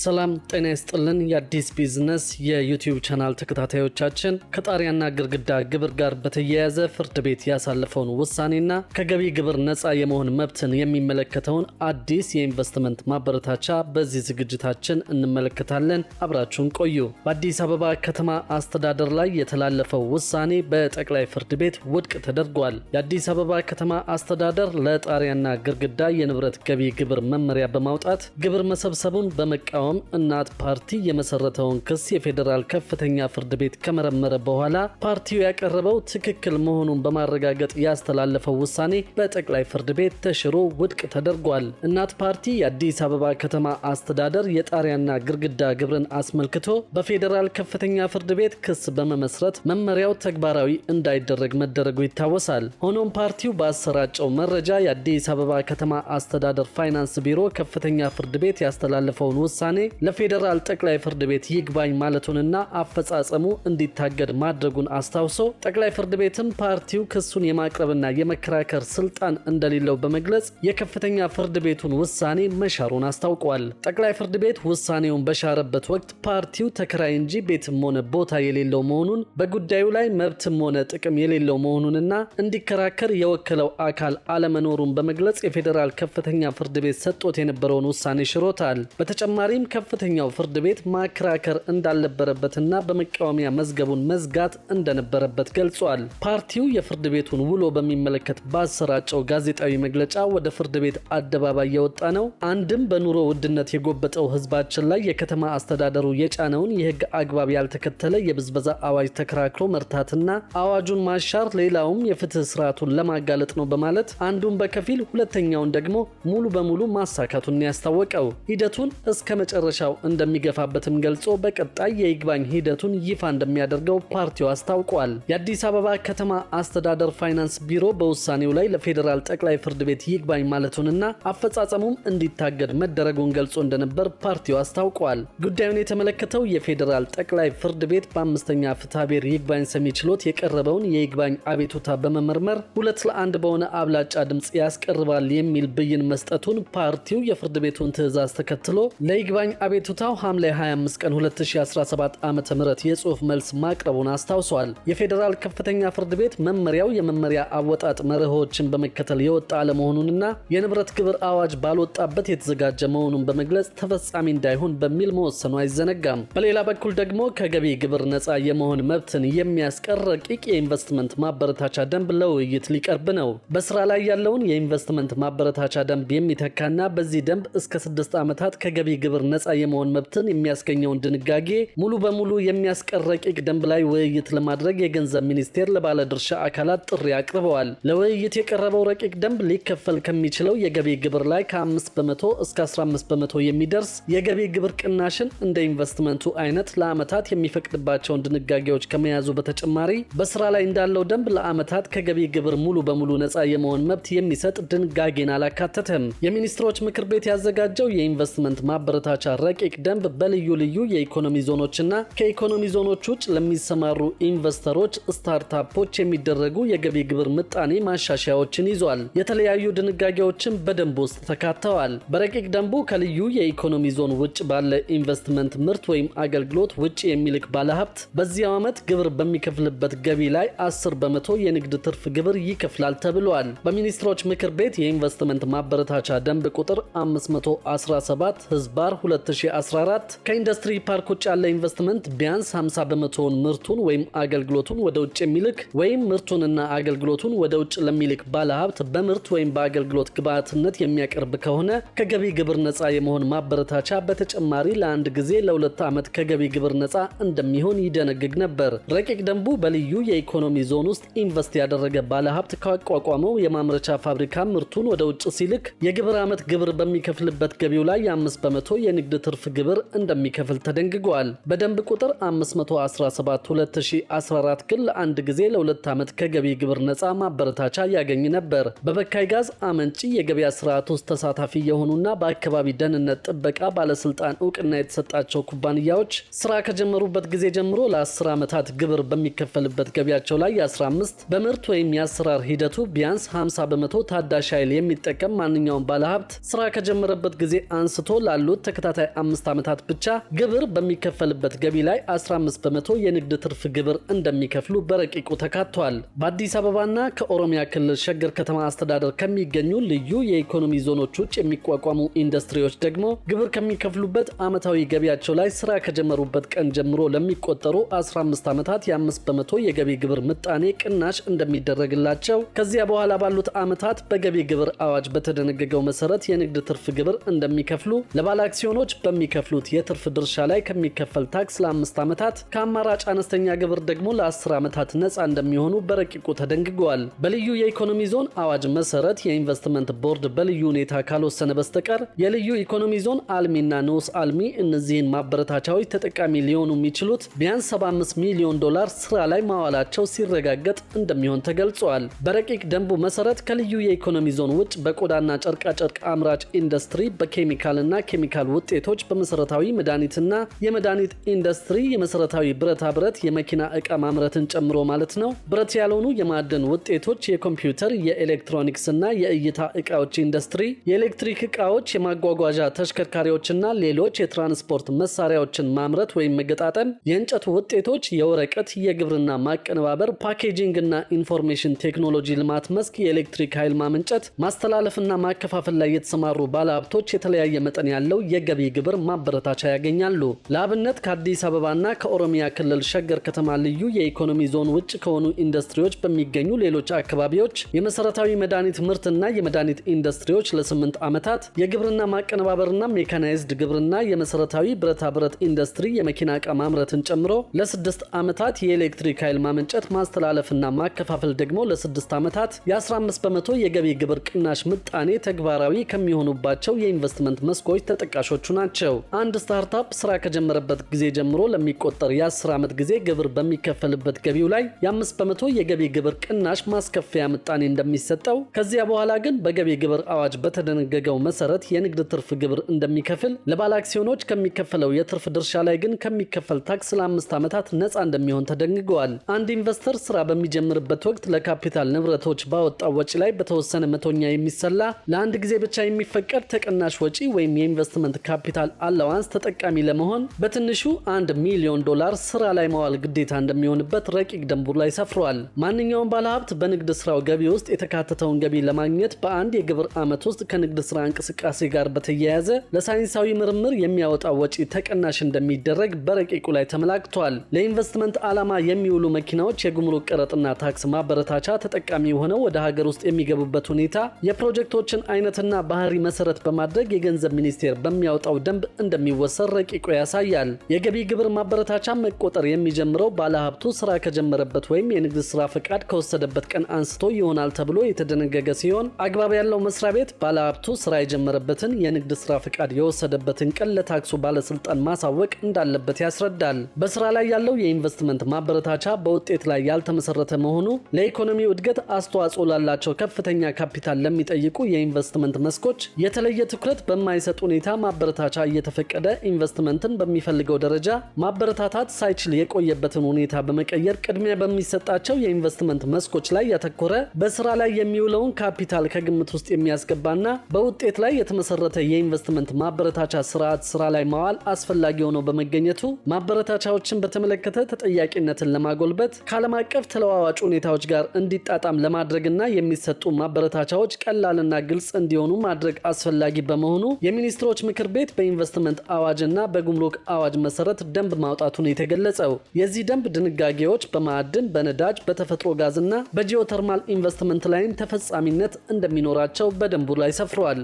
ሰላም ጤና ይስጥልን። የአዲስ ቢዝነስ የዩቲዩብ ቻናል ተከታታዮቻችን ከጣሪያና ግድግዳ ግብር ጋር በተያያዘ ፍርድ ቤት ያሳለፈውን ውሳኔና ከገቢ ግብር ነፃ የመሆን መብትን የሚመለከተውን አዲስ የኢንቨስትመንት ማበረታቻ በዚህ ዝግጅታችን እንመለከታለን። አብራችሁን ቆዩ። በአዲስ አበባ ከተማ አስተዳደር ላይ የተላለፈው ውሳኔ በጠቅላይ ፍርድ ቤት ውድቅ ተደርጓል። የአዲስ አበባ ከተማ አስተዳደር ለጣሪያና ግርግዳ የንብረት ገቢ ግብር መመሪያ በማውጣት ግብር መሰብሰቡን በመቃወ በመቃወም እናት ፓርቲ የመሰረተውን ክስ የፌዴራል ከፍተኛ ፍርድ ቤት ከመረመረ በኋላ ፓርቲው ያቀረበው ትክክል መሆኑን በማረጋገጥ ያስተላለፈው ውሳኔ በጠቅላይ ፍርድ ቤት ተሽሮ ውድቅ ተደርጓል። እናት ፓርቲ የአዲስ አበባ ከተማ አስተዳደር የጣሪያና ግድግዳ ግብርን አስመልክቶ በፌዴራል ከፍተኛ ፍርድ ቤት ክስ በመመስረት መመሪያው ተግባራዊ እንዳይደረግ መደረጉ ይታወሳል። ሆኖም ፓርቲው ባሰራጨው መረጃ የአዲስ አበባ ከተማ አስተዳደር ፋይናንስ ቢሮ ከፍተኛ ፍርድ ቤት ያስተላለፈውን ውሳኔ ውሳኔ ለፌዴራል ጠቅላይ ፍርድ ቤት ይግባኝ ማለቱንና አፈጻጸሙ እንዲታገድ ማድረጉን አስታውሶ ጠቅላይ ፍርድ ቤትም ፓርቲው ክሱን የማቅረብና የመከራከር ስልጣን እንደሌለው በመግለጽ የከፍተኛ ፍርድ ቤቱን ውሳኔ መሻሩን አስታውቋል። ጠቅላይ ፍርድ ቤት ውሳኔውን በሻረበት ወቅት ፓርቲው ተከራይ እንጂ ቤትም ሆነ ቦታ የሌለው መሆኑን በጉዳዩ ላይ መብትም ሆነ ጥቅም የሌለው መሆኑንና እንዲከራከር የወከለው አካል አለመኖሩን በመግለጽ የፌዴራል ከፍተኛ ፍርድ ቤት ሰጥቶት የነበረውን ውሳኔ ሽሮታል። በተጨማሪም ዳግም ከፍተኛው ፍርድ ቤት ማከራከር እንዳልነበረበትና በመቃወሚያ መዝገቡን መዝጋት እንደነበረበት ገልጿል። ፓርቲው የፍርድ ቤቱን ውሎ በሚመለከት ባሰራጨው ጋዜጣዊ መግለጫ ወደ ፍርድ ቤት አደባባይ የወጣ ነው። አንድም በኑሮ ውድነት የጎበጠው ህዝባችን ላይ የከተማ አስተዳደሩ የጫነውን የህግ አግባብ ያልተከተለ የብዝበዛ አዋጅ ተከራክሮ መርታትና አዋጁን ማሻር ሌላውም የፍትህ ስርዓቱን ለማጋለጥ ነው በማለት አንዱን በከፊል ሁለተኛውን ደግሞ ሙሉ በሙሉ ማሳካቱን ያስታወቀው ሂደቱን እስከ መጨረሻው እንደሚገፋበትም ገልጾ በቀጣይ የይግባኝ ሂደቱን ይፋ እንደሚያደርገው ፓርቲው አስታውቋል። የአዲስ አበባ ከተማ አስተዳደር ፋይናንስ ቢሮ በውሳኔው ላይ ለፌዴራል ጠቅላይ ፍርድ ቤት ይግባኝ ማለቱንና አፈጻጸሙም እንዲታገድ መደረጉን ገልጾ እንደነበር ፓርቲው አስታውቋል። ጉዳዩን የተመለከተው የፌዴራል ጠቅላይ ፍርድ ቤት በአምስተኛ ፍትሐብሔር ይግባኝ ሰሚ ችሎት የቀረበውን የይግባኝ አቤቱታ በመመርመር ሁለት ለአንድ በሆነ አብላጫ ድምፅ ያስቀርባል የሚል ብይን መስጠቱን ፓርቲው የፍርድ ቤቱን ትዕዛዝ ተከትሎ ለይግባ ይግባኝ አቤቱታው ሐምሌ 25 ቀን 2017 ዓ ም የጽሑፍ መልስ ማቅረቡን አስታውሷል። የፌዴራል ከፍተኛ ፍርድ ቤት መመሪያው የመመሪያ አወጣጥ መርሆችን በመከተል የወጣ አለመሆኑንና የንብረት ግብር አዋጅ ባልወጣበት የተዘጋጀ መሆኑን በመግለጽ ተፈጻሚ እንዳይሆን በሚል መወሰኑ አይዘነጋም። በሌላ በኩል ደግሞ ከገቢ ግብር ነፃ የመሆን መብትን የሚያስቀር ረቂቅ የኢንቨስትመንት ማበረታቻ ደንብ ለውይይት ሊቀርብ ነው። በስራ ላይ ያለውን የኢንቨስትመንት ማበረታቻ ደንብ የሚተካና በዚህ ደንብ እስከ ስድስት ዓመታት ከገቢ ግብር ከእስር ነፃ የመሆን መብትን የሚያስገኘውን ድንጋጌ ሙሉ በሙሉ የሚያስቀር ረቂቅ ደንብ ላይ ውይይት ለማድረግ የገንዘብ ሚኒስቴር ለባለድርሻ አካላት ጥሪ አቅርበዋል። ለውይይት የቀረበው ረቂቅ ደንብ ሊከፈል ከሚችለው የገቢ ግብር ላይ ከ5 በመቶ እስከ 15 በመቶ የሚደርስ የገቢ ግብር ቅናሽን እንደ ኢንቨስትመንቱ አይነት ለዓመታት የሚፈቅድባቸውን ድንጋጌዎች ከመያዙ በተጨማሪ በስራ ላይ እንዳለው ደንብ ለዓመታት ከገቢ ግብር ሙሉ በሙሉ ነፃ የመሆን መብት የሚሰጥ ድንጋጌን አላካተተም። የሚኒስትሮች ምክር ቤት ያዘጋጀው የኢንቨስትመንት ማበረታ ማበረታቻ ረቂቅ ደንብ በልዩ ልዩ የኢኮኖሚ ዞኖችና ከኢኮኖሚ ዞኖች ውጭ ለሚሰማሩ ኢንቨስተሮች፣ ስታርታፖች የሚደረጉ የገቢ ግብር ምጣኔ ማሻሻያዎችን ይዟል። የተለያዩ ድንጋጌዎችን በደንብ ውስጥ ተካተዋል። በረቂቅ ደንቡ ከልዩ የኢኮኖሚ ዞን ውጭ ባለ ኢንቨስትመንት ምርት ወይም አገልግሎት ውጭ የሚልክ ባለሀብት በዚያው ዓመት ግብር በሚከፍልበት ገቢ ላይ 10 በመቶ የንግድ ትርፍ ግብር ይከፍላል ተብሏል። በሚኒስትሮች ምክር ቤት የኢንቨስትመንት ማበረታቻ ደንብ ቁጥር 517 ህዝባር 2014 ከኢንዱስትሪ ፓርክ ውጭ ያለ ኢንቨስትመንት ቢያንስ 50 በመቶውን ምርቱን ወይም አገልግሎቱን ወደ ውጭ የሚልክ ወይም ምርቱንና አገልግሎቱን ወደ ውጭ ለሚልክ ባለሀብት በምርት ወይም በአገልግሎት ግብዓትነት የሚያቀርብ ከሆነ ከገቢ ግብር ነጻ የመሆን ማበረታቻ በተጨማሪ ለአንድ ጊዜ ለሁለት ዓመት ከገቢ ግብር ነጻ እንደሚሆን ይደነግግ ነበር። ረቂቅ ደንቡ በልዩ የኢኮኖሚ ዞን ውስጥ ኢንቨስት ያደረገ ባለሀብት ካቋቋመው የማምረቻ ፋብሪካ ምርቱን ወደ ውጭ ሲልክ የግብር ዓመት ግብር በሚከፍልበት ገቢው ላይ የአምስት በመቶ የንግድ ትርፍ ግብር እንደሚከፍል ተደንግጓል። በደንብ ቁጥር 517/2014 ግን ለአንድ ጊዜ ለሁለት ዓመት ከገቢ ግብር ነፃ ማበረታቻ ያገኝ ነበር። በበካይ ጋዝ አመንጪ የገበያ ስርዓት ውስጥ ተሳታፊ የሆኑና በአካባቢ ደህንነት ጥበቃ ባለስልጣን እውቅና የተሰጣቸው ኩባንያዎች ስራ ከጀመሩበት ጊዜ ጀምሮ ለ10 ዓመታት ግብር በሚከፈልበት ገቢያቸው ላይ የ15 በምርት ወይም የአሰራር ሂደቱ ቢያንስ 50 በመቶ ታዳሽ ኃይል የሚጠቀም ማንኛውም ባለሀብት ስራ ከጀመረበት ጊዜ አንስቶ ላሉት ለተከታታይ አምስት ዓመታት ብቻ ግብር በሚከፈልበት ገቢ ላይ 15 በመቶ የንግድ ትርፍ ግብር እንደሚከፍሉ በረቂቁ ተካቷል። በአዲስ አበባና ከኦሮሚያ ክልል ሸገር ከተማ አስተዳደር ከሚገኙ ልዩ የኢኮኖሚ ዞኖች ውጭ የሚቋቋሙ ኢንዱስትሪዎች ደግሞ ግብር ከሚከፍሉበት ዓመታዊ ገቢያቸው ላይ ስራ ከጀመሩበት ቀን ጀምሮ ለሚቆጠሩ 15 ዓመታት የ5 በመቶ የገቢ ግብር ምጣኔ ቅናሽ እንደሚደረግላቸው ከዚያ በኋላ ባሉት ዓመታት በገቢ ግብር አዋጅ በተደነገገው መሰረት የንግድ ትርፍ ግብር እንደሚከፍሉ ለባለ አክሲዮን ሚሊዮኖች በሚከፍሉት የትርፍ ድርሻ ላይ ከሚከፈል ታክስ ለአምስት ዓመታት ከአማራጭ አነስተኛ ግብር ደግሞ ለአስር ዓመታት ነፃ እንደሚሆኑ በረቂቁ ተደንግገዋል። በልዩ የኢኮኖሚ ዞን አዋጅ መሰረት የኢንቨስትመንት ቦርድ በልዩ ሁኔታ ካልወሰነ በስተቀር የልዩ ኢኮኖሚ ዞን አልሚና ንዑስ አልሚ እነዚህን ማበረታቻዎች ተጠቃሚ ሊሆኑ የሚችሉት ቢያንስ 75 ሚሊዮን ዶላር ስራ ላይ ማዋላቸው ሲረጋገጥ እንደሚሆን ተገልጿል። በረቂቅ ደንቡ መሰረት ከልዩ የኢኮኖሚ ዞን ውጭ በቆዳና ጨርቃጨርቅ አምራች ኢንዱስትሪ፣ በኬሚካልና ኬሚካል ውጤቶች በመሰረታዊ መድኃኒትና የመድኃኒት ኢንዱስትሪ የመሰረታዊ ብረታ ብረት የመኪና ዕቃ ማምረትን ጨምሮ ማለት ነው። ብረት ያልሆኑ የማዕድን ውጤቶች፣ የኮምፒውተር፣ የኤሌክትሮኒክስ ና የእይታ ዕቃዎች ኢንዱስትሪ፣ የኤሌክትሪክ ዕቃዎች፣ የማጓጓዣ ተሽከርካሪዎችና ሌሎች የትራንስፖርት መሳሪያዎችን ማምረት ወይም መገጣጠም፣ የእንጨት ውጤቶች፣ የወረቀት፣ የግብርና ማቀነባበር፣ ፓኬጂንግ ኢንፎርሜሽን ቴክኖሎጂ ልማት መስክ፣ የኤሌክትሪክ ኃይል ማመንጨት፣ ማስተላለፍና ማከፋፈል ላይ የተሰማሩ ባለሀብቶች የተለያየ መጠን ያለው የገ የገቢ ግብር ማበረታቻ ያገኛሉ። ለአብነት ከአዲስ አበባና ከኦሮሚያ ክልል ሸገር ከተማ ልዩ የኢኮኖሚ ዞን ውጭ ከሆኑ ኢንዱስትሪዎች በሚገኙ ሌሎች አካባቢዎች የመሰረታዊ መድኃኒት ምርትና የመድኃኒት ኢንዱስትሪዎች ለስምንት ዓመታት የግብርና ማቀነባበርና ሜካናይዝድ ግብርና የመሰረታዊ ብረታ ብረት ኢንዱስትሪ የመኪና ዕቃ ማምረትን ጨምሮ ለስድስት ዓመታት የኤሌክትሪክ ኃይል ማመንጨት ማስተላለፍና ማከፋፈል ደግሞ ለስድስት ዓመታት የ15 በመቶ የገቢ ግብር ቅናሽ ምጣኔ ተግባራዊ ከሚሆኑባቸው የኢንቨስትመንት መስኮች ተጠቃሽ ተጠቃሾቹ ናቸው። አንድ ስታርታፕ ስራ ከጀመረበት ጊዜ ጀምሮ ለሚቆጠር የ10 ዓመት ጊዜ ግብር በሚከፈልበት ገቢው ላይ የ5 በመቶ የገቢ ግብር ቅናሽ ማስከፈያ ምጣኔ እንደሚሰጠው፣ ከዚያ በኋላ ግን በገቢ ግብር አዋጅ በተደነገገው መሰረት የንግድ ትርፍ ግብር እንደሚከፍል፣ ለባለ አክሲዮኖች ከሚከፈለው የትርፍ ድርሻ ላይ ግን ከሚከፈል ታክስ ለአምስት ዓመታት ነፃ እንደሚሆን ተደንግገዋል። አንድ ኢንቨስተር ስራ በሚጀምርበት ወቅት ለካፒታል ንብረቶች ባወጣው ወጪ ላይ በተወሰነ መቶኛ የሚሰላ ለአንድ ጊዜ ብቻ የሚፈቀድ ተቀናሽ ወጪ ወይም የኢንቨስትመንት ካፒታል አላዋንስ ተጠቃሚ ለመሆን በትንሹ አንድ ሚሊዮን ዶላር ስራ ላይ መዋል ግዴታ እንደሚሆንበት ረቂቅ ደንቡ ላይ ሰፍሯል። ማንኛውም ባለሀብት በንግድ ስራው ገቢ ውስጥ የተካተተውን ገቢ ለማግኘት በአንድ የግብር ዓመት ውስጥ ከንግድ ስራ እንቅስቃሴ ጋር በተያያዘ ለሳይንሳዊ ምርምር የሚያወጣው ወጪ ተቀናሽ እንደሚደረግ በረቂቁ ላይ ተመላክቷል። ለኢንቨስትመንት ዓላማ የሚውሉ መኪናዎች የጉምሩክ ቀረጥና ታክስ ማበረታቻ ተጠቃሚ ሆነው ወደ ሀገር ውስጥ የሚገቡበት ሁኔታ የፕሮጀክቶችን አይነትና ባህሪ መሰረት በማድረግ የገንዘብ ሚኒስቴር በሚያ የሚያወጣው ደንብ እንደሚወሰድ ረቂቁ ያሳያል። የገቢ ግብር ማበረታቻ መቆጠር የሚጀምረው ባለሀብቱ ስራ ከጀመረበት ወይም የንግድ ስራ ፈቃድ ከወሰደበት ቀን አንስቶ ይሆናል ተብሎ የተደነገገ ሲሆን አግባብ ያለው መስሪያ ቤት ባለሀብቱ ስራ የጀመረበትን የንግድ ስራ ፈቃድ የወሰደበትን ቀን ለታክሱ ባለስልጣን ማሳወቅ እንዳለበት ያስረዳል። በስራ ላይ ያለው የኢንቨስትመንት ማበረታቻ በውጤት ላይ ያልተመሰረተ መሆኑ ለኢኮኖሚው እድገት አስተዋጽኦ ላላቸው ከፍተኛ ካፒታል ለሚጠይቁ የኢንቨስትመንት መስኮች የተለየ ትኩረት በማይሰጥ ሁኔታ ማበ ማበረታቻ እየተፈቀደ ኢንቨስትመንትን በሚፈልገው ደረጃ ማበረታታት ሳይችል የቆየበትን ሁኔታ በመቀየር ቅድሚያ በሚሰጣቸው የኢንቨስትመንት መስኮች ላይ ያተኮረ በስራ ላይ የሚውለውን ካፒታል ከግምት ውስጥ የሚያስገባና በውጤት ላይ የተመሰረተ የኢንቨስትመንት ማበረታቻ ስርዓት ስራ ላይ ማዋል አስፈላጊ ሆኖ በመገኘቱ ማበረታቻዎችን በተመለከተ ተጠያቂነትን ለማጎልበት ከዓለም አቀፍ ተለዋዋጭ ሁኔታዎች ጋር እንዲጣጣም ለማድረግና የሚሰጡ ማበረታቻዎች ቀላልና ግልጽ እንዲሆኑ ማድረግ አስፈላጊ በመሆኑ የሚኒስትሮች ምክር ቤት በኢንቨስትመንት አዋጅ እና በጉምሩክ አዋጅ መሰረት ደንብ ማውጣቱን የተገለጸው የዚህ ደንብ ድንጋጌዎች በማዕድን፣ በነዳጅ፣ በተፈጥሮ ጋዝ እና በጂኦተርማል ኢንቨስትመንት ላይም ተፈጻሚነት እንደሚኖራቸው በደንቡ ላይ ሰፍረዋል።